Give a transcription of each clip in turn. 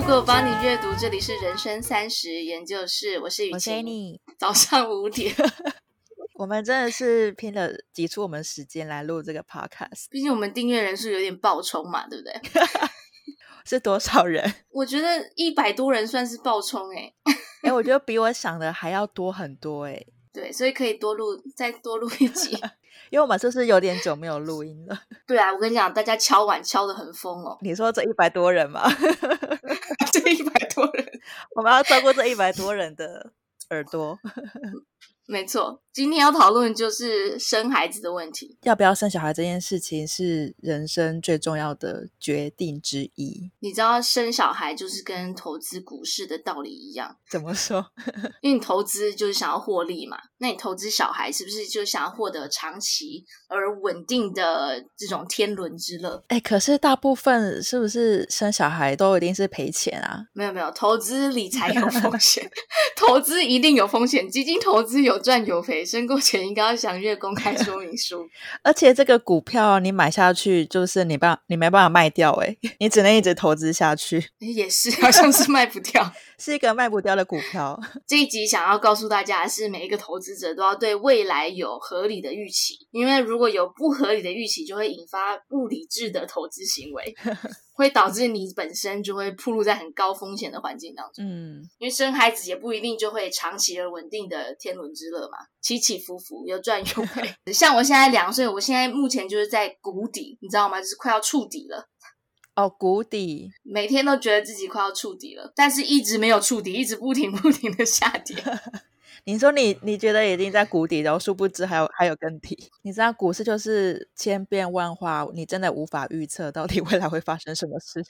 Google 幫你閱讀，這裡是人生三十研究室，我是雨晴。Okay, 早上五點， 我們真的是拼了，擠出我們時間來錄這個 Podcast。畢竟我們訂閱人數有點爆衝嘛，對不對？ 是多少人？我覺得一百多人算是爆衝哎、欸。哎、 欸，我覺得比我想的還要多很多哎、欸。對，所以可以多錄，再多錄一集， 因為我們這是有點久沒有錄音了？ 對啊，我跟你講，大家敲碗敲得很瘋哦。你說這一百多人嗎？ 這一百多人， 我們要照顧這一百多人的耳朵。 沒錯。今天要討論就是生孩子的問題，要不要生小孩這件事情是人生最重要的決定之一。你知道生小孩就是跟投資股市的道理一樣，怎麼說？ 因為你投資就是想要獲利嘛，那你投資小孩是不是就想要獲得長期而穩定的這種天倫之樂？哎、欸，可是大部分是不是生小孩都一定是賠錢啊？沒有沒有，投資理財有風險， 投資一定有風險，基金投資有賺有賠。申購前應該要詳閱公開說明書，而且這個股票、啊、你買下去就是你把你沒辦法賣掉哎，你只能一直投資下去， 也是好像是賣不掉。 是一個賣不掉的股票。這一集想要告訴大家的是，每一個投資者都要對未來有合理的預期，因為如果有不合理的預期，就會引發不理智的投資行為，會導致你本身就會暴露在很高風險的環境當中。嗯，因為生孩子也不一定就會長期而穩定的天倫之樂嘛，起起伏伏，有賺有賠。 像我現在兩歲，我現在目前就是在谷底，你知道嗎？就是快要觸底了。哦，谷底，每天都覺得自己快要觸底了，但是一直沒有觸底，一直不停不停的下跌。 你說你你覺得已經在谷底，然後殊不知還有還有更低。你知道股市就是千變萬化，你真的無法預測到底未來會發生什麼事。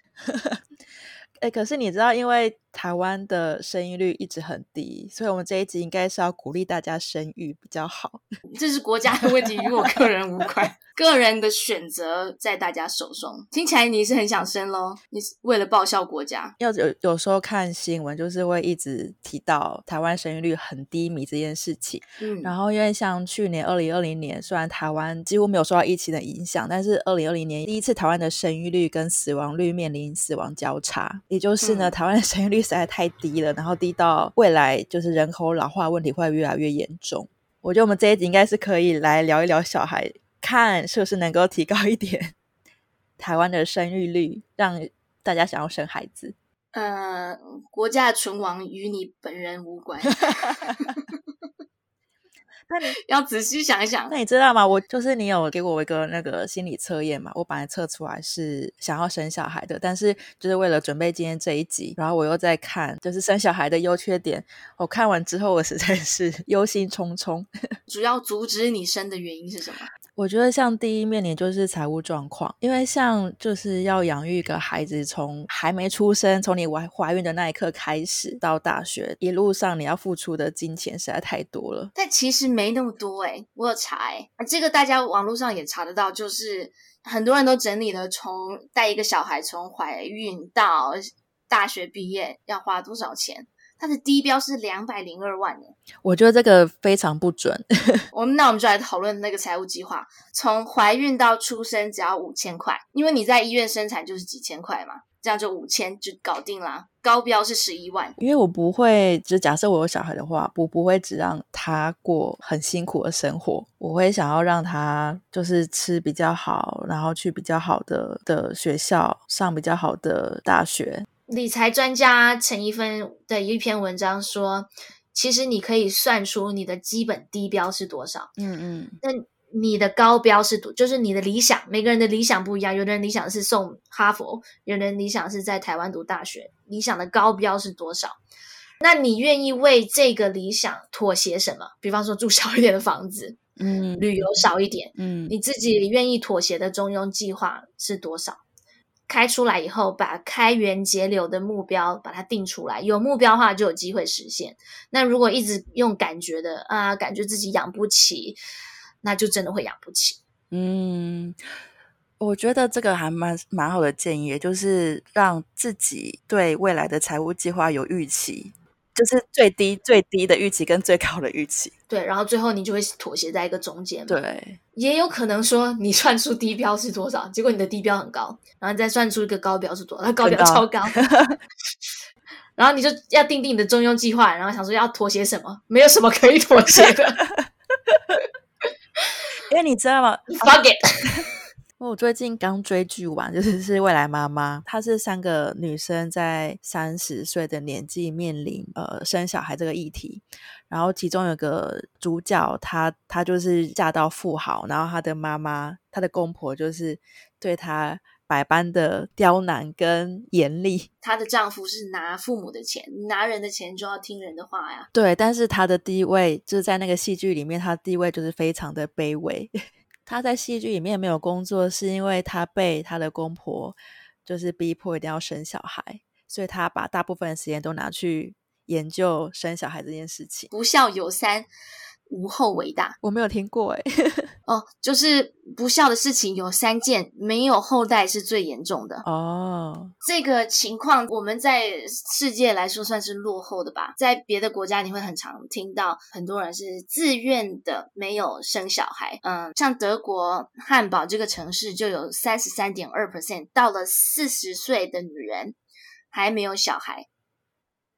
哎， 可是你知道，因為台灣的生育率一直很低，所以我們這一集應該是要鼓勵大家生育比較好。這是國家的問題，與我個人無關。 個人的選擇在大家手中。聽起來你是很想生咯，你是為了報效國家？要有有時候看新聞，就是會一直提到台灣生育率很低迷這件事情，嗯。然後因為像去年二零二零年，雖然台灣幾乎沒有受到疫情的影響，但是二零二零年第一次台灣的生育率跟死亡率面臨死亡交叉，也就是呢，嗯，台灣的生育率實在太低了，然後低到未來就是人口老化問題會越來越嚴重。我覺得我們這一集應該是可以來聊一聊小孩。看是不是能夠提高一點台灣的生育率，讓大家想要生孩子。呃，國家存亡與你本人無關。那 你 要仔細想一想。那你知道嗎？我就是你有給我一個那個心理測驗嘛？我本來測出來是想要生小孩的，但是就是為了準備今天這一集，然後我又在看，就是生小孩的優缺點。我看完之後，我實在是憂心忡忡。 主要阻止你生的原因是什麼？我覺得像第一面臨就是財務狀況，因為像就是要養育一個孩子，從還沒出生，從你懷懷孕的那一刻開始，到大學，一路上你要付出的金錢實在太多了。但其實沒那麼多誒、欸，我有查誒、欸，這個大家網絡上也查得到，就是很多人都整理了，從帶一個小孩從懷孕到大學畢業要花多少錢，它的低標是兩百零二萬呢。我覺得這個非常不準。我們那我們就來討論那個財務計劃，從懷孕到出生只要五千塊，因為你在醫院生產就是幾千塊嘛，這樣就五千就搞定啦。高標是十一萬，因為我不會，就假設我有小孩的話，我不會只讓他過很辛苦的生活，我會想要讓他就是吃比較好，然後去比較好的的學校，上比較好的大學。理財專家陳一芬的一篇文章說。其實你可以算出你的基本低標是多少，嗯嗯，那你的高標是多？就是你的理想，每個人的理想不一樣，有的人理想是送哈佛，有的人理想是在台灣讀大學，理想的高標是多少？那你願意為這個理想妥協什麼？比方說住小一點的房子，嗯，旅遊少一點，嗯，你自己願意妥協的中庸計劃是多少？開出來以後，把開源節流的目標把它定出來，有目標的話就有機會實現。那如果一直用感覺的啊，感覺自己養不起，那就真的會養不起。嗯，我覺得這個還蠻蠻好的建議，也就是讓自己對未來的財務計劃有預期。就是最低、最低的預期跟最高的預期，對，然後最後你就會妥協在一個中間，對，也有可能說你算出低標是多少，結果你的低標很高，然後你再算出一個高標是多少，高標超高，高 然後你就要訂定你的中庸計劃，然後想說要妥協什麼，沒有什麼可以妥協的， 因為你知道嗎？你 fuck it。我最近剛追劇完，就是是《未來媽媽》，她是三個女生在三十歲的年紀面臨呃生小孩這個議題，然後其中有個主角，她她就是嫁到富豪，然後她的媽媽、她的公婆就是對她百般的刁難跟嚴厲。她的丈夫是拿父母的錢，拿人的錢就要聽人的話呀。對，但是她的地位就是在那個戲劇裡面，她的地位就是非常的卑微。他在戲劇裡面沒有工作，是因為他被他的公婆就是逼迫一定要生小孩，所以他把大部分的時間都拿去研究生小孩這件事情。不孝有三。無後為大，我沒有聽過欸。呵呵。哦，就是不孝的事情有三件，沒有後代是最嚴重的。哦。這個情況我們在世界來說算是落後的吧？在別的國家你會很常聽到，很多人是自願的沒有生小孩。嗯，像德國漢堡這個城市就有三十三點二 percent 到了四十歲的女人還沒有小孩。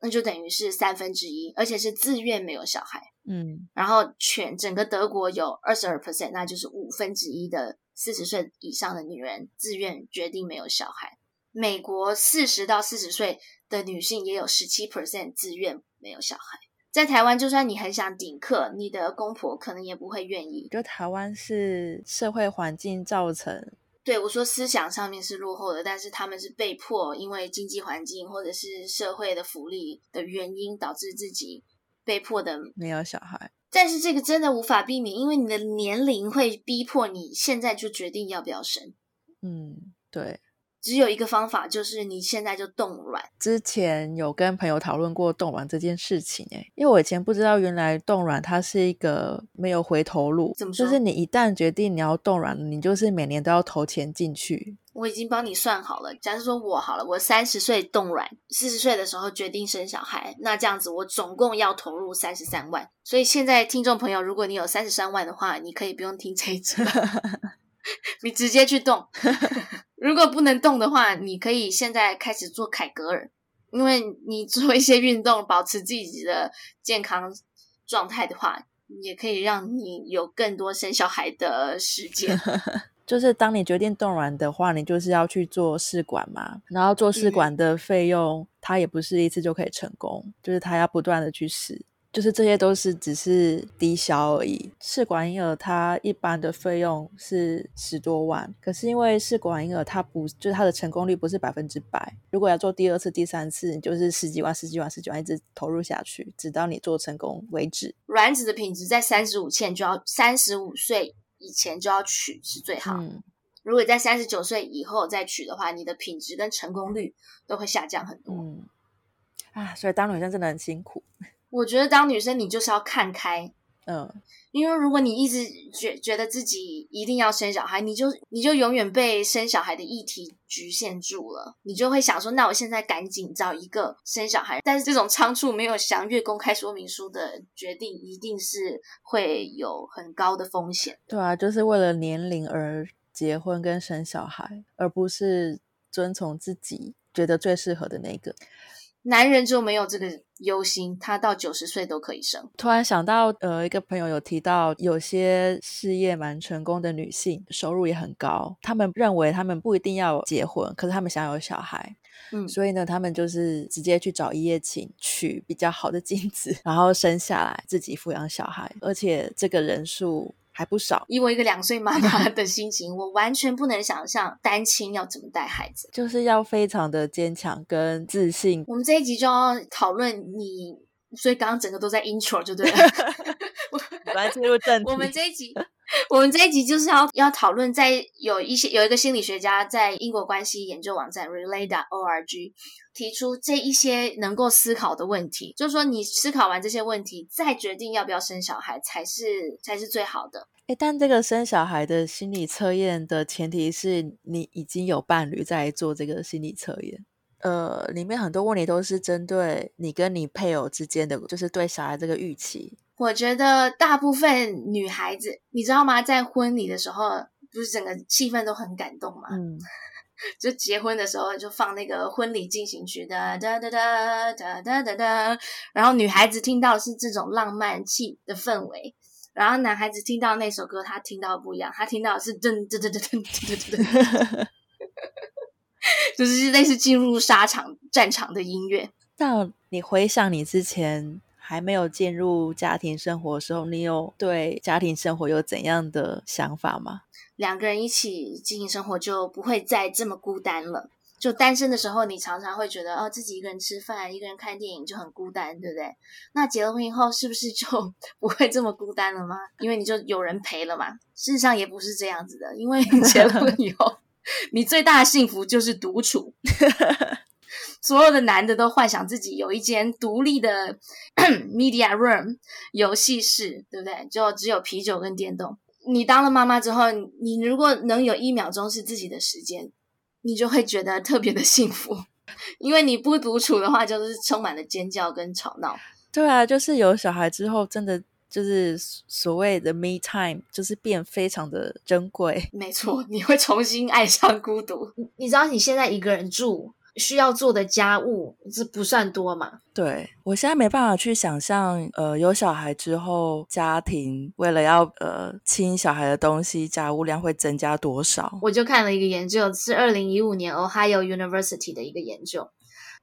那就等於是三分之一，而且是自願沒有小孩。嗯，然後全整個德國有二十二 percent，那就是五分之一的四十歲以上的女人，嗯、自願決定沒有小孩。美國四十到四十歲的女性也有十七 percent 自願沒有小孩。在台灣，就算你很想頂客，你的公婆可能也不會願意。就台灣是社會環境造成。對我說，思想上面是落後的，但是他們是被迫，因為經濟環境或者是社會的福利的原因，導致自己被迫的沒有小孩。但是這個真的無法避免，因為你的年齡會逼迫你現在就決定要不要生。嗯，對。只有一個方法，就是你現在就凍卵。之前有跟朋友討論過凍卵這件事情、欸，哎，因為我以前不知道，原來凍卵它是一個沒有回頭路，怎麼說？就是你一旦決定你要凍卵，你就是每年都要投錢進去。我已經幫你算好了，假如說我好了，我三十歲凍卵，四十歲的時候決定生小孩，那這樣子我總共要投入三十三萬。所以現在聽眾朋友，如果你有三十三萬的話，你可以不用聽這一次 你直接去凍。 如果不能動的話，你可以現在開始做凱格爾，因為你做一些運動，保持自己的健康狀態的話，也可以讓你有更多生小孩的時間。 就是當你決定凍卵的話，你就是要去做試管嘛，然後做試管的費用，嗯、它也不是一次就可以成功，就是它要不斷的去試。就是這些都是只是低消而已。試管嬰兒它一般的費用是十多萬，可是因為試管嬰兒它不就是它的成功率不是百分之百。如果要做第二次、第三次，就是十幾萬、十幾萬、十幾萬,十幾萬一直投入下去，直到你做成功為止。卵子的品質在三十五前就要，三十五歲以前就要取是最好。嗯、如果在三十九歲以後再取的話，你的品質跟成功率都會下降很多。嗯、啊，所以當女生真的很辛苦。我覺得當女生，你就是要看開，嗯，因為如果你一直覺覺得自己一定要生小孩，你就你就永遠被生小孩的議題局限住了，你就會想說，那我現在趕緊找一個生小孩，但是這種倉促沒有詳閱公開說明書的決定，一定是會有很高的風險的。對啊，就是為了年齡而結婚跟生小孩，而不是遵從自己覺得最適合的那個。男人就沒有這個憂心，他到九十歲都可以生。突然想到，呃，一個朋友有提到，有些事業蠻成功的女性，收入也很高，他們認為他們不一定要結婚，可是他們想有小孩，嗯，所以呢，他們就是直接去找一夜情，取比較好的精子，然後生下來自己撫養小孩，而且這個人數還不少，以我一個兩歲媽媽的心情， 我完全不能想象單親要怎麼帶孩子，就是要非常的堅強跟自信。我們這一集就要討論你，所以剛剛整個都在 intro 就對了。我們進入正題。我們這一集，我們這一集就是要要討論，在有一些有一個心理學家在英國關係研究網站 Relay.org。提出這一些能夠思考的問題，就是說你思考完這些問題，再決定要不要生小孩，才是才是最好的。誒，但這個生小孩的心理測驗的前提是你已經有伴侶在做這個心理測驗。呃，裡面很多問題都是針對你跟你配偶之間的，就是對小孩這個預期。我覺得大部分女孩子，你知道嗎？在婚禮的時候，不是整個氣氛都很感動嗎？嗯。就結婚的時候，就放那個婚禮進行曲的，噠噠噠噠噠噠噠。然後女孩子聽到是這種浪漫氣的氛圍，然後男孩子聽到那首歌，他聽到不一樣，他聽到是噔噔噔噔噔噔噔噔噔， 就是類似進入沙場戰場的音樂。那，你回想你之前還沒有進入家庭生活的時候，你有對家庭生活有怎樣的想法嗎？兩個人一起經營生活就不會再這麼孤單了。就單身的時候，你常常會覺得哦，自己一個人吃飯、一個人看電影就很孤單，對不對？那結了婚以後，是不是就不會這麼孤單了嗎？因為你就有人陪了嘛。事實上也不是這樣子的，因為結了婚以後， 你最大的幸福就是獨處。 所有的男的都幻想自己有一間獨立的 media room 遊戲室，對不對？就只有啤酒跟電動。你當了媽媽之後，你如果能有一秒鐘是自己的時間，你就會覺得特別的幸福，因為你不獨處的話，就是充滿了尖叫跟吵鬧。對啊，就是有小孩之後，真的就是所謂的 me time，就是變非常的珍貴。沒錯，你會重新愛上孤獨。 你知道你現在一個人住。需要做的家務這不算多嘛？對，我現在沒辦法去想象，呃，有小孩之後，家庭為了要呃，親小孩的東西，家務量會增加多少？我就看了一個研究，是二零一五年 Ohio University 的一個研究，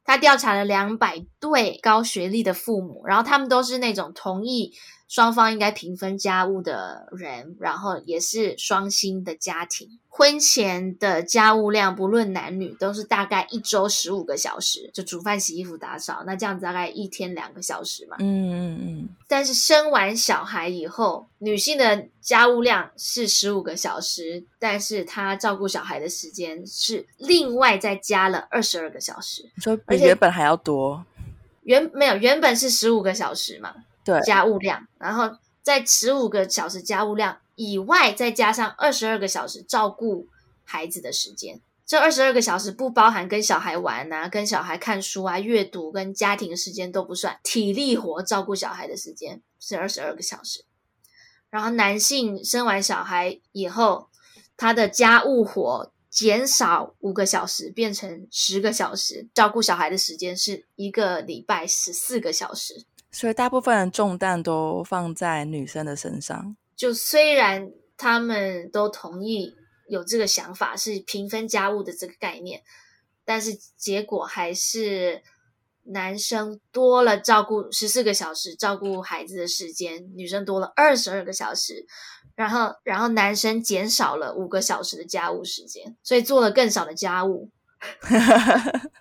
他調查了兩百對高學歷的父母，然後他們都是那種同意，雙方應該平分家務的人，然後也是雙薪的家庭。婚前的家務量，不論男女，都是大概一周十五個小時，就煮飯、洗衣服、打掃。那這樣子大概一天兩個小時嘛。嗯嗯嗯。但是生完小孩以後，女性的家務量是十五個小時，但是她照顧小孩的時間是另外再加了二十二個小時。你說比原本還要多？原沒有，原本是十五個小時嘛。對，家務量，然後在十五個小時家務量以外，再加上二十二個小時照顧孩子的時間。這二十二個小時不包含跟小孩玩吶、啊，跟小孩看書啊、閱讀跟家庭時間都不算，體力活照顧小孩的時間是二十二個小時。然後男性生完小孩以後，他的家務活減少五個小時，變成十個小時，照顧小孩的時間是一個禮拜十四個小時。所以大部分的重擔都放在女生的身上。就雖然他們都同意有這個想法，是平分家務的這個概念，但是結果還是男生多了照顧十四個小時照顧孩子的時間，女生多了二十二個小時，然後然後男生減少了五個小時的家務時間，所以做了更少的家務。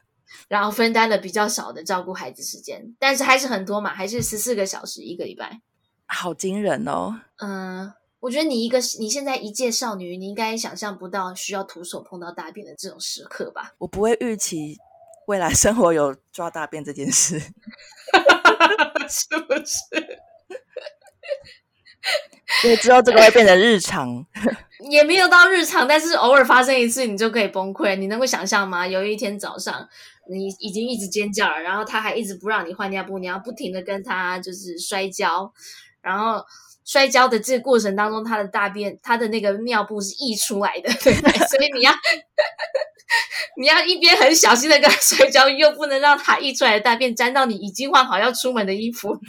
然後分擔了比較少的照顧孩子時間，但是，還是很多嘛，還是十四個小時一個禮拜，好驚人哦。嗯、呃，我覺得你一個你現在一介少女，你應該也想象不到需要徒手碰到大便的這種時刻吧？我不會預期未來生活有抓大便這件事， 是不是？因為之後這個會變成日常。 也沒有到日常，但是偶爾發生一次，你就可以崩潰。你能夠想象嗎？有一天早上，你已經一直尖叫了，然後他還一直不讓你換尿布，你要不停的跟他就是摔跤，然後摔跤的這個過程當中，他的大便，他的那個尿布是溢出來的，對，所以你要 你要一邊很小心的跟他摔跤，又不能讓他溢出來的大便沾到你已經換好要出門的衣服。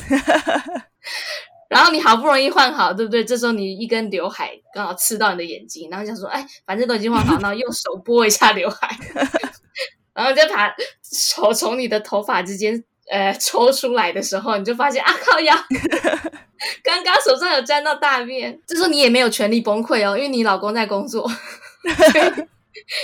然後你好不容易換好，對不對？這時候你一根劉海剛好刺到你的眼睛，然後想說，哎，反正都已經換好，然後用手撥一下劉海， 然後就把手從你的頭髮之間呃抽出來的時候，你就發現啊靠腰，剛剛手上有沾到大便。這時候你也沒有權利崩潰哦，因為你老公在工作，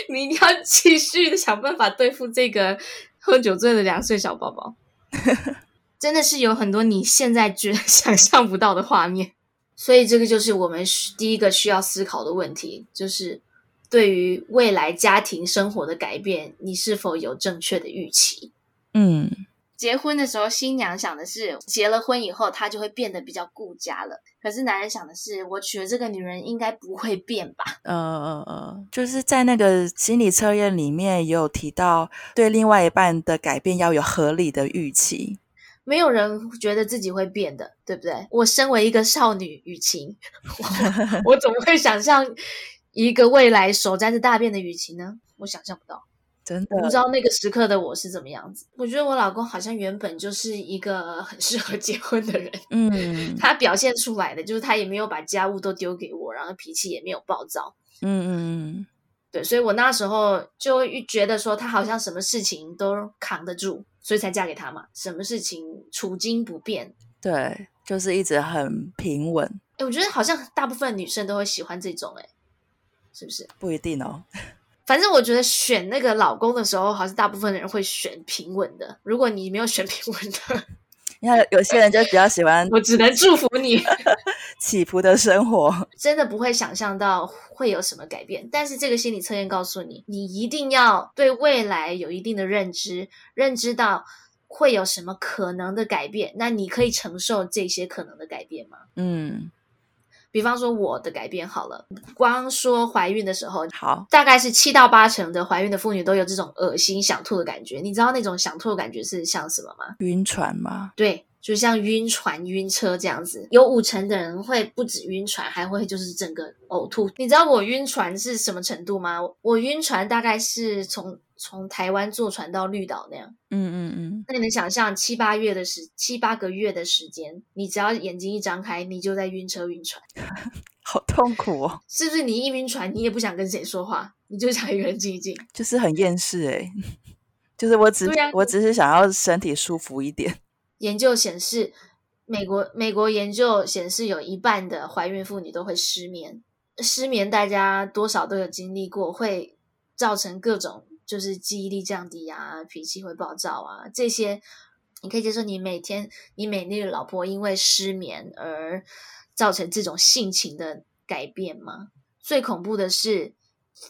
你一定要繼續的想辦法對付這個喝酒醉的兩歲小寶寶。 真的是有很多你現在覺得想象不到的畫面，所以這個就是我們第一個需要思考的問題，就是對於未來家庭生活的改變，你是否有正確的預期？嗯，結婚的時候，新娘想的是結了婚以後她就會變得比較顧家了，可是男人想的是我娶了這個女人應該不會變吧？嗯嗯嗯，就是在那個心理測驗裡面也有提到，對另外一半的改變要有合理的預期。沒有人覺得自己會變的，對不對？我身為一個少女雨晴，我怎麼會想象一個未來手沾着大便的雨晴呢？我想象不到，真的不知道那個時刻的我是怎麼樣子。我覺得我老公好像原本就是一個很適合結婚的人，嗯，他表現出來的就是他也沒有把家務都丟給我，然後脾氣也沒有暴躁，嗯嗯。對，所以我那時候就會覺得說他好像什麼事情都扛得住，所以才嫁給他嘛。什麼事情處驚不變，對，就是一直很平穩。誒、欸、我覺得好像大部分女生都會喜歡這種、欸，誒是不是？不一定哦。反正我覺得選那個老公的時候，好像大部分人會選平穩的。如果你沒有選平穩的。 你看，有些人就比較喜歡。我只能祝福你 起伏的生活。真的不會想象到會有什麼改變，但是這個心理測驗告訴你，你一定要對未來有一定的認知，認知到會有什麼可能的改變。那你可以承受這些可能的改變嗎？嗯。比方說我的改變好了，光說懷孕的時候，好，大概是七到八成的懷孕的婦女都有這種噁心想吐的感覺。你知道那種想吐的感覺是像什麼嗎？暈船嗎？對。就像暈船、暈車這樣子，有五成的人會不止暈船，還會就是整個嘔吐。你知道我暈船是什麼程度嗎？我，我暈船大概是從從台灣坐船到綠島那樣。嗯嗯嗯。那你能想象七八月的時七八個月的時間，你只要眼睛一張開，你就在暈車暈船， 好痛苦哦！是不是？你一暈船，你也不想跟誰說話，你就想一個人靜靜，就是很厭世哎、欸，就是我只、啊、我只是想要身體舒服一點。研究顯示，美國美國研究顯示，有一半的懷孕婦女都會失眠。失眠大家多少都有經歷過，會造成各種就是記憶力降低啊、脾氣會暴躁啊這些。你可以接受你每天你美麗的老婆因為失眠而造成這種性情的改變嗎？最恐怖的是，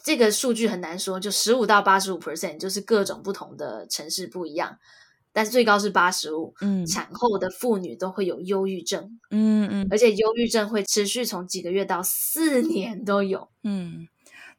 這個數據很難說，就十五到八十五 percent，就是各種不同的城市不一樣，但是最高是八十五，嗯，產後的婦女都會有憂鬱症，嗯，嗯，而且憂鬱症會持續從幾個月到四年都有，嗯，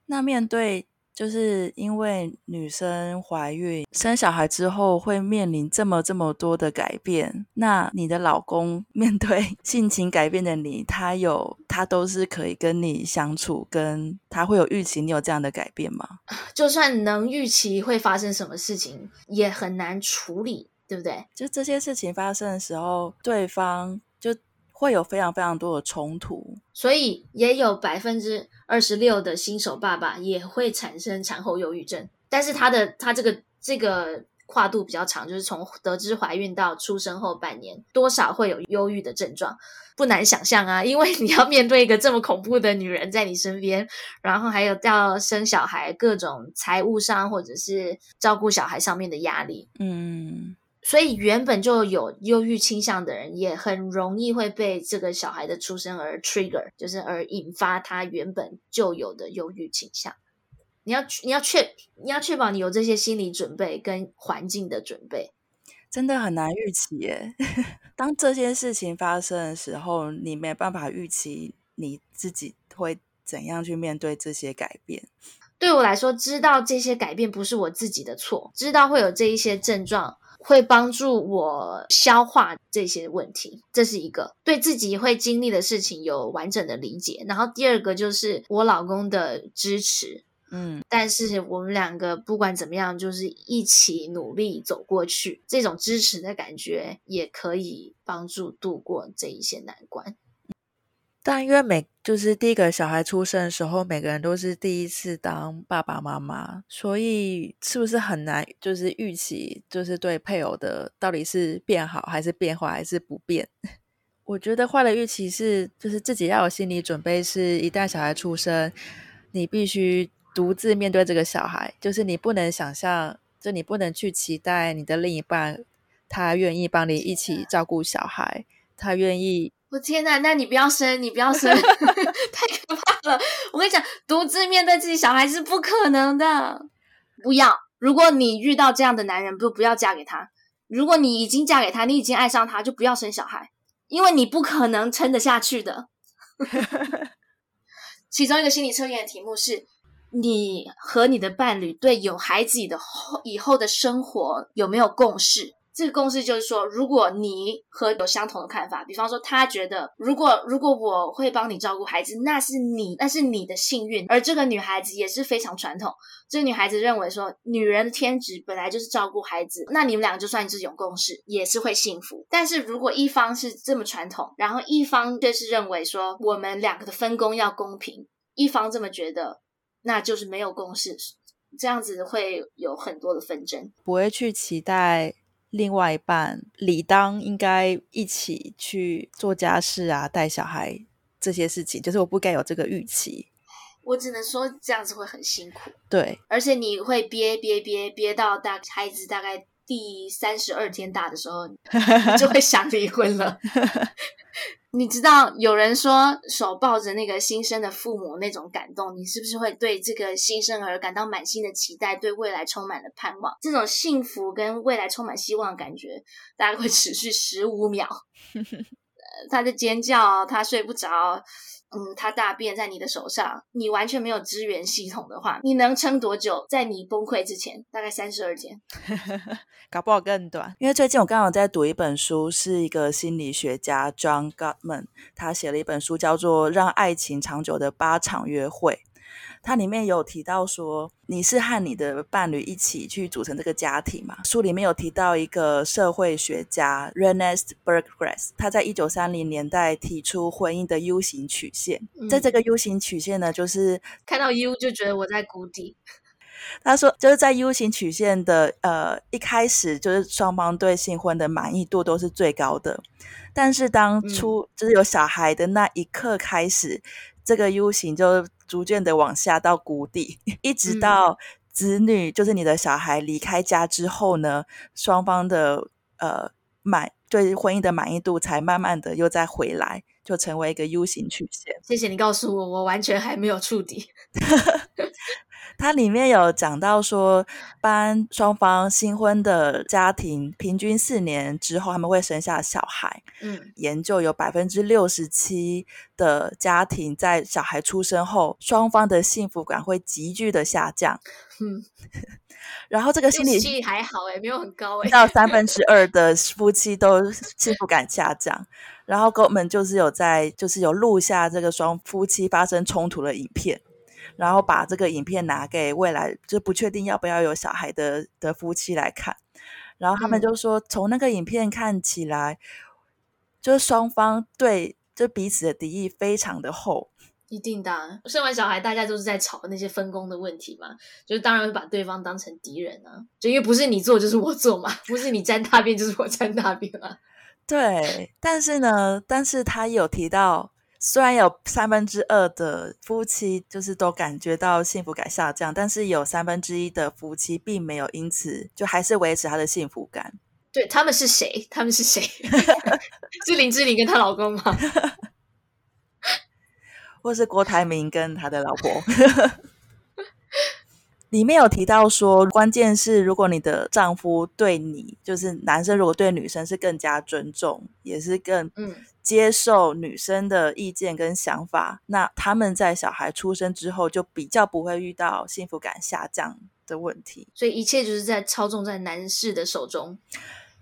那面對。就是因為女生懷孕生小孩之後會面臨這麼這麼多的改變，那你的老公面對性情改變的你，他有他都是可以跟你相處，跟他會有預期，你有這樣的改變嗎？就算能預期會發生什麼事情，也很難處理，對不對？就這些事情發生的時候，對方就。會有非常非常多的衝突，所以也有百分之二十六的新手爸爸也會產生產後憂鬱症。但是他的他這個這個跨度比較長，就是從得知懷孕到出生後半年，多少會有憂鬱的症狀。不難想象啊，因為你要面對一個這麼恐怖的女人在你身邊，然後還有要生小孩，各種財務上或者是照顧小孩上面的壓力。嗯。所以原本就有憂鬱傾向的人，也很容易會被這個小孩的出生而 trigger，就是而引發他原本就有的憂鬱傾向。你。你要你要確你要確保你有這些心理準備跟環境的準備，真的很難預期耶。當這些事情發生的時候，你沒辦法預期你自己會怎樣去面對這些改變。對我來說，知道這些改變不是我自己的錯，知道會有這一些症狀，會幫助我消化這些問題，這是一個對自己會經歷的事情有完整的理解。然後第二個就是我老公的支持，嗯，但是我們兩個不管怎麼樣，就是一起努力走過去，這種支持的感覺也可以幫助度過這一些難關。但因為每就是第一個小孩出生的時候，每個人都是第一次當爸爸媽媽，所以是不是很難就是預期，就是對配偶的到底是變好還是變壞還是不變？我覺得壞的預期是，就是自己要有心理準備，是一旦小孩出生，你必須獨自面對這個小孩，就是你不能想象，就你不能去期待你的另一半，他願意幫你一起照顧小孩，他願意。我天吶，那你不要生，你不要生， 太可怕了！我跟你講，獨自面對自己小孩是不可能的。不要，如果你遇到這樣的男人，不不要嫁給他。如果你已經嫁給他，你已經愛上他，就不要生小孩，因為你不可能撐得下去的。 其中一個心理測驗的題目是：你和你的伴侶對有孩子以後以後的生活有沒有共識？這個共識就是說，如果你和有相同的看法，比方說，他覺得如果如果我會幫你照顧孩子，那是你那是你的幸運。而這個女孩子也是非常傳統，這個女孩子認為說，女人的天職本來就是照顧孩子，那你們兩個就算是有共識也是會幸福。但是如果一方是這麼傳統，然後一方卻是認為說，我們兩個的分工要公平，一方這麼覺得，那就是沒有共識，這樣子會有很多的紛爭，不會去期待。另外一半理當應該一起去做家事啊，帶小孩這些事情，就是我不該有這個預期。我只能說這樣子會很辛苦。對，而且你會憋憋憋憋到大孩子大概，第三十二天大的時候，你就會想離婚了。 你知道，有人說手抱着那個新生的父母那種感動，你是不是會對這個新生兒感到滿心的期待，對未來充滿了盼望？這種幸福跟未來充滿希望的感覺，大概會持續十五秒。 呃，他的尖叫，他睡不着。嗯，他大便在你的手上，你完全沒有支援系統的話，你能撐多久？在你崩潰之前，大概三十二天， 搞不好更短。因為最近我剛好在讀一本書，是一個心理學家 John Gottman，他寫了一本書叫做《讓愛情長久的八場約會》。它裡面有提到說，你是和你的伴侶一起去組成這個家庭嘛？書裡面有提到一個社會學家 Ernest Burgess，他在一九三零年代提出婚姻的 U 型曲線。在這個 U 型曲線呢，就是看到 U 就覺得我在谷底。他說：“就是在 U 型曲線的呃一開始，就是雙方對新婚的滿意度都是最高的，但是當初就是有小孩的那一刻開始，嗯、這個 U 型就逐漸的往下到谷底，一直到子女、嗯、就是你的小孩離開家之後呢，雙方的呃滿對、就是、婚姻的滿意度才慢慢的又再回來，就成為一個 U 型曲線。”謝謝你告訴我，我完全還沒有觸底。 它裡面有講到說，搬雙方新婚的家庭平均四年之後，他們會生下小孩。嗯，研究有百分之六十七的家庭在小孩出生後，雙方的幸福感會急劇的下降。嗯，然後這個心理還好誒，沒有很高誒。到三分之二的夫妻都幸福感下降。 然後我們就是有在，就是有錄下這個雙夫妻發生衝突的影片。然後把這個影片拿給未來就不確定要不要有小孩的的夫妻來看，然後他們就說、嗯、從那個影片看起來，就是雙方對就彼此的敵意非常的厚，一定的生完小孩大家都是在吵那些分工的問題嘛，就是當然會把對方當成敵人啊，就因為不是你做就是我做嘛，不是你沾大便就是我沾大便嘛。對，但是呢，但是他有提到。雖然有三分之二的夫妻就是都感覺到幸福感下降，但是有三分之一的夫妻並沒有因此，就還是維持他的幸福感。對，他們是誰？他們是誰？ 是林志玲跟她老公嗎？ 或是郭台銘跟他的老婆？ 裡面有提到說，關鍵是如果你的丈夫對你，就是男生如果對女生是更加尊重，也是更接受女生的意見跟想法，嗯。那他們在小孩出生之後就比較不會遇到幸福感下降的問題。所以一切就是在操縱在男士的手中。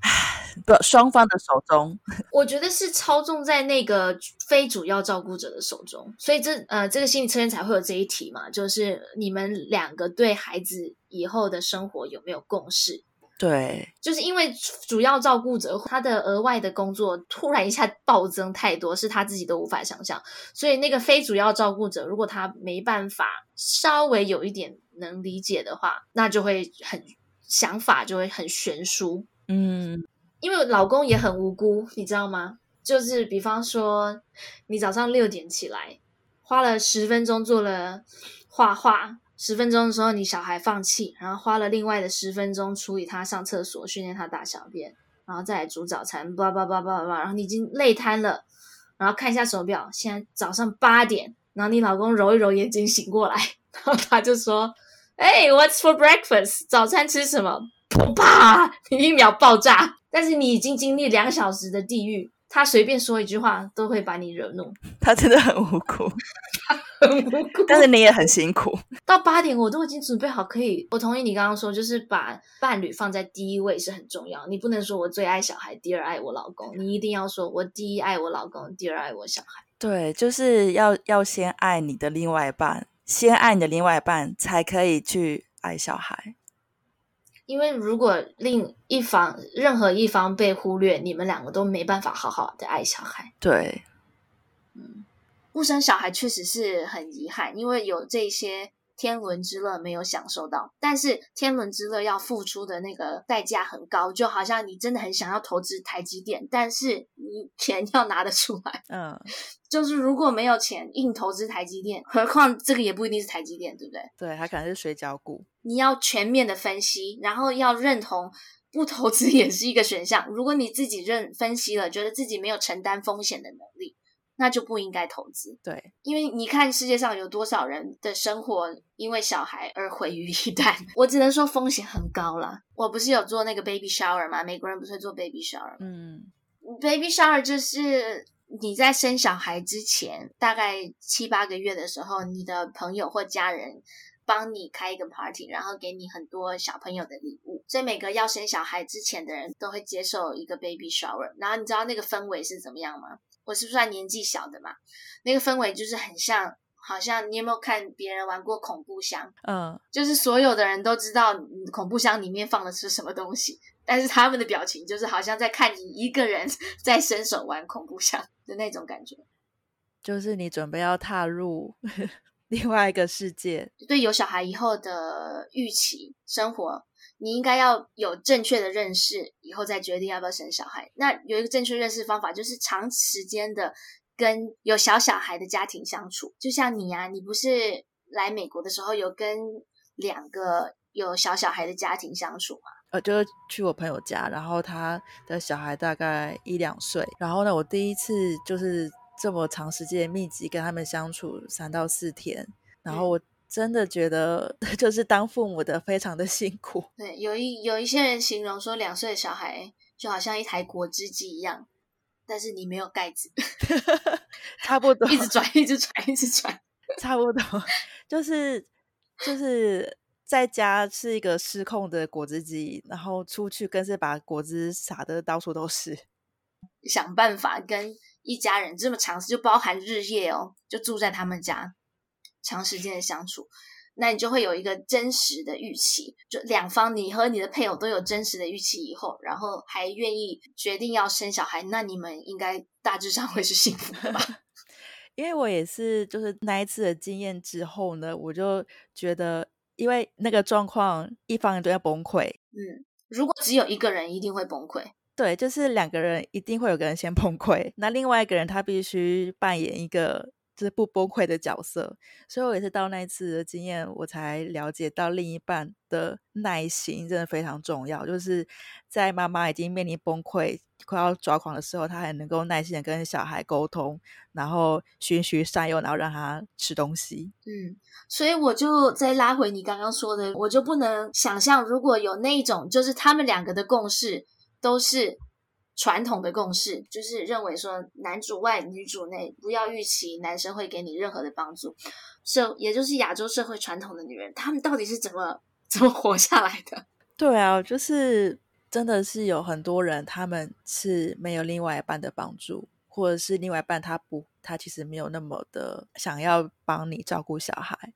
唉。的雙方的手中，我覺得是操縱在那個非主要照顧者的手中，所以這呃，這個心理測驗才會有這一題嘛，就是你們兩個對孩子以後的生活有沒有共識？對，就是因為主要照顧者他的額外的工作突然一下暴增太多，是他自己都無法想象，所以那個非主要照顧者如果他沒辦法稍微有一點能理解的話，那就會很，想法就會很懸殊，嗯。因為老公也很無辜，你知道嗎？就是比方說，你早上六點起來，花了十分鐘做了畫畫，十分鐘的時候你小孩放棄，然後花了另外的十分鐘處理他上廁所，訓練他大小便，然後再來煮早餐，叭叭叭叭叭叭，然後你已經累癱了，然後看一下手表，現在早上八點，然後你老公揉一揉眼睛醒過來，然後他就說：“哎，What's for breakfast？早餐吃什麼？”啪！你一秒爆炸。但是你已經經歷兩個小時的地獄，他隨便說一句話都會把你惹怒。他真的很無辜， 他很無辜。但是你也很辛苦。到八點，我都已經準備好可以。我同意你剛剛說，就是把伴侶放在第一位是很重要。你不能說我最愛小孩，第二愛我老公。你一定要說我第一愛我老公，第二愛我小孩。對，就是要要先愛你的另外一半，先愛你的另外一半，才可以去愛小孩。因為如果另一方任何一方被忽略，你們兩個都沒辦法好好的愛小孩。對，嗯，不生小孩確實是很遺憾，因為有這些。天倫之樂沒有享受到，但是天倫之樂要付出的那個代價很高，就好像你真的很想要投資台積電，但是你錢要拿得出來。嗯，就是如果沒有錢，硬投資台積電，何況這個也不一定是台積電，對不對？對，它可能是水餃股。你要全面的分析，然後要認同不投資也是一個選項。如果你自己認分析了，覺得自己沒有承擔風險的能力。那就不應該投資，對，因為你看世界上有多少人的生活因為小孩而毀於一旦，我只能說風險很高了。我不是有做那個 baby shower 嗎？美國人不是會做 baby shower，嗯，baby shower 就是你在生小孩之前大概七八個月的時候，你的朋友或家人幫你開一個 party，然後給你很多小朋友的禮物，所以每個要生小孩之前的人都會接受一個 baby shower，然後你知道那個氛圍是怎麼樣嗎？我是不算年紀小的嘛，那個氛圍就是很像，好像你有沒有看別人玩過恐怖箱？嗯，就是所有的人都知道你恐怖箱裡面放的是什麼東西，但是他們的表情就是好像在看你一個人在伸手玩恐怖箱的那種感覺，就是你準備要踏入另外一個世界，對有小孩以後的預期生活。你應該要有正確的認識，以後再決定要不要生小孩。那有一個正確認識方法，就是長時間的跟有小小孩的家庭相處。就像你啊，你不是來美國的時候有跟兩個有小小孩的家庭相處嗎？呃，就是去我朋友家，然後他的小孩大概一兩歲，然後呢，我第一次就是這麼長時間密集跟他們相處三到四天，然後我、嗯。真的覺得就是當父母的非常的辛苦。對，有一有一些人形容說，兩歲的小孩就好像一台果汁機一樣，但是你沒有蓋子， 差不多，一直轉，一直轉，一直轉，差不多，就是就是在家是一個失控的果汁機，然後出去更是把果汁灑的到處都是，想辦法跟一家人這麼嘗試，就包含日夜哦，就住在他們家。長時間的相處，那你就會有一個真實的預期。就兩方，你和你的配偶都有真實的預期以後，然後還願意決定要生小孩，那你們應該大致上會是幸福的吧。因為我也是，就是那一次的經驗之後呢，我就覺得，因為那個狀況，一方人都要崩潰。嗯，如果只有一個人，一定會崩潰。對，就是兩個人，一定會有個人先崩潰。那另外一個人，他必須扮演一個。就是不崩潰的角色，所以我也是到那一次的經驗，我才了解到另一半的耐心真的非常重要。就是在媽媽已經面臨崩潰、快要抓狂的時候，他還能夠耐心的跟小孩溝通，然後循循善誘，然後讓他吃東西。嗯，所以我就再拉回你剛剛說的，我就不能想象如果有那種，就是他們兩個的共識都是。傳統的共識就是認為說男主外女主內，不要預期男生會給你任何的幫助。社、so, 也就是亞洲社會傳統的女人，他們到底是怎麼怎麼活下來的？對啊，就是真的是有很多人，他們是沒有另外一半的幫助，或者是另外一半他不，他其實沒有那麼的想要幫你照顧小孩。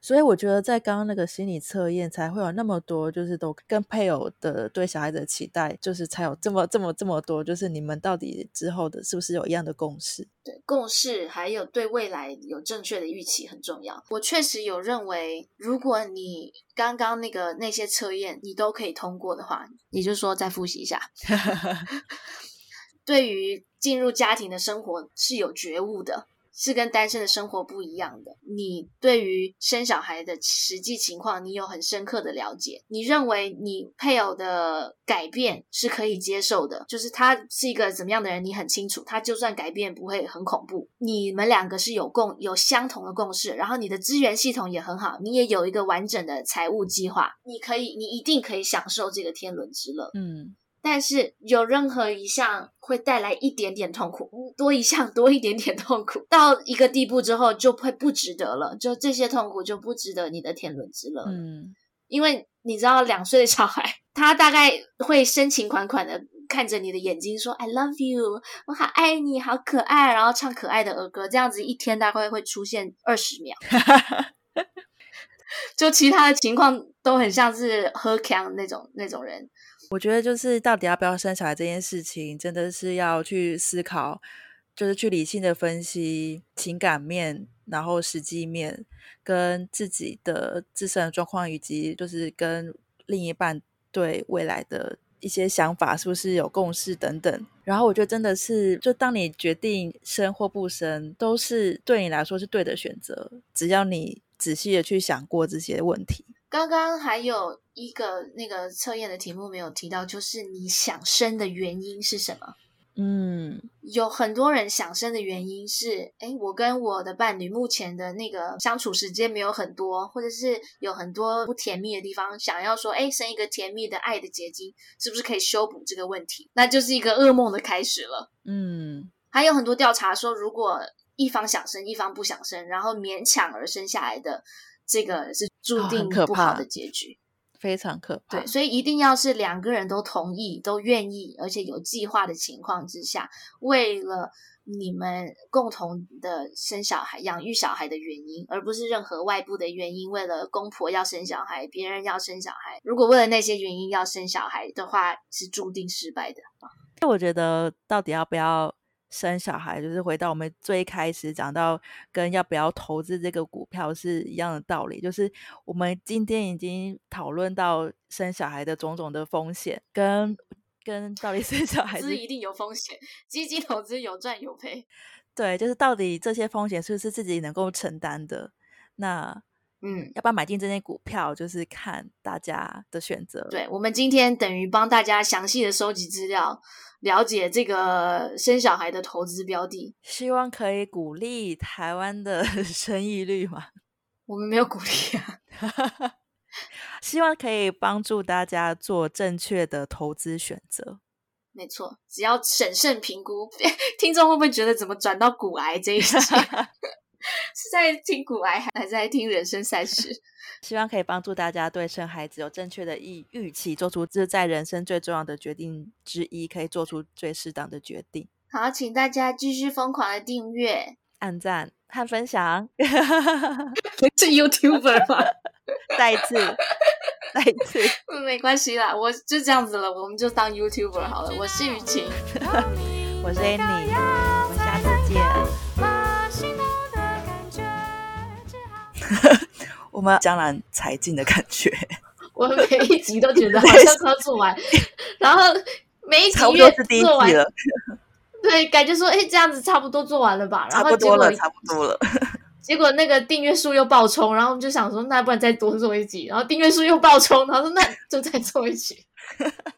所以我覺得，在剛剛那個心理測驗，才會有那麼多，就是都跟配偶的對小孩的期待，就是才有這麼這麼這麼多，就是你們到底之後的是不是有一樣的共識？對，共識還有對未來有正確的預期很重要。我確實有認為，如果你剛剛那個那些測驗你都可以通過的話，你就說再複習一下。 對於進入家庭的生活是有覺悟的。是跟單身的生活不一樣的。你對於生小孩的實際情況，你有很深刻的了解。你認為你配偶的改變是可以接受的，就是他是一個怎麼樣的人，你很清楚。他就算改變，不會很恐怖。你們兩個是有共、有相同的共識，然後你的資源系統也很好，你也有一個完整的財務計劃，你可以，你一定可以享受這個天倫之樂。嗯。但是有任何一項會帶來一點點痛苦，多一項多一點點痛苦，到一個地步之後就會不值得了。就這些痛苦就不值得你的天倫之樂。嗯，因為你知道，兩歲的小孩他大概會深情款款的看着你的眼睛說 “I love you”，我好愛你，好可愛，然後唱可愛的兒歌，這樣子一天大概會出現二十秒。 就其他的情況都很像是 h e r k a n g 那種那種人。我覺得就是到底要不要生小孩這件事情，真的是要去思考，就是去理性的分析情感面，然後實際面，跟自己的自身的狀況，以及就是跟另一半對未來的一些想法是不是有共識等等。然後我覺得真的是，就當你決定生或不生，都是對你來說是對的選擇，只要你仔細的去想過這些問題。剛剛還有一個那個測驗的題目沒有提到，就是你想生的原因是什麼？嗯，有很多人想生的原因是，哎，我跟我的伴侶目前的那個相處時間沒有很多，或者是有很多不甜蜜的地方，想要說，哎，生一個甜蜜的愛的結晶，是不是可以修補這個問題？那就是一個噩夢的開始了。嗯，還有很多調查說，如果一方想生，一方不想生，然後勉強而生下來的，這個是注定不好的結局，哦，非常可怕。對，所以一定要是兩個人都同意、都願意，而且有計劃的情況之下，為了你們共同的生小孩、養育小孩的原因，而不是任何外部的原因。為了公婆要生小孩、別人要生小孩，如果為了那些原因要生小孩的話，是注定失敗的。那我覺得，到底要不要？生小孩就是回到我們最開始講到跟要不要投資這個股票是一樣的道理，就是我們今天已經討論到生小孩的種種的風險，跟跟到底生小孩是一定有風險，基金投資有賺有賠， 對，就是到底這些風險是不是自己能夠承擔的？那。嗯，要不要買進這些股票？就是看大家的選擇。對，我們今天等於幫大家詳細的收集資料，了解這個生小孩的投資標的。希望可以鼓勵台灣的生育率嘛？我們沒有鼓勵啊。 希望可以幫助大家做正確的投資選擇。沒錯，只要審慎評估，聽眾會不會覺得怎麼轉到股癌這一集？ 是在聽苦哀，還是在聽人生賽事？ 希望可以幫助大家對生孩子有正確的預預期，做出這在人生最重要的決定之一，可以做出最適當的決定。好，請大家繼續瘋狂的訂閱、按讚和分享。 是 YouTuber 嗎？ 再一次，再一次， 沒關係啦，我就這樣子了，我們就當 YouTuber 好了。我是雨晴， 我是 Annie 我們江郎才盡的感覺，我們每一集都覺得快要做完， 然後每一集差不多做完了，對，感覺說哎，這樣子差不多做完了吧，然後結果，差不多了，差不多了，結果那個訂閱數又爆衝，然後我們就想說，那不然再多做一集，然後訂閱數又爆衝，然後說那就再做一集。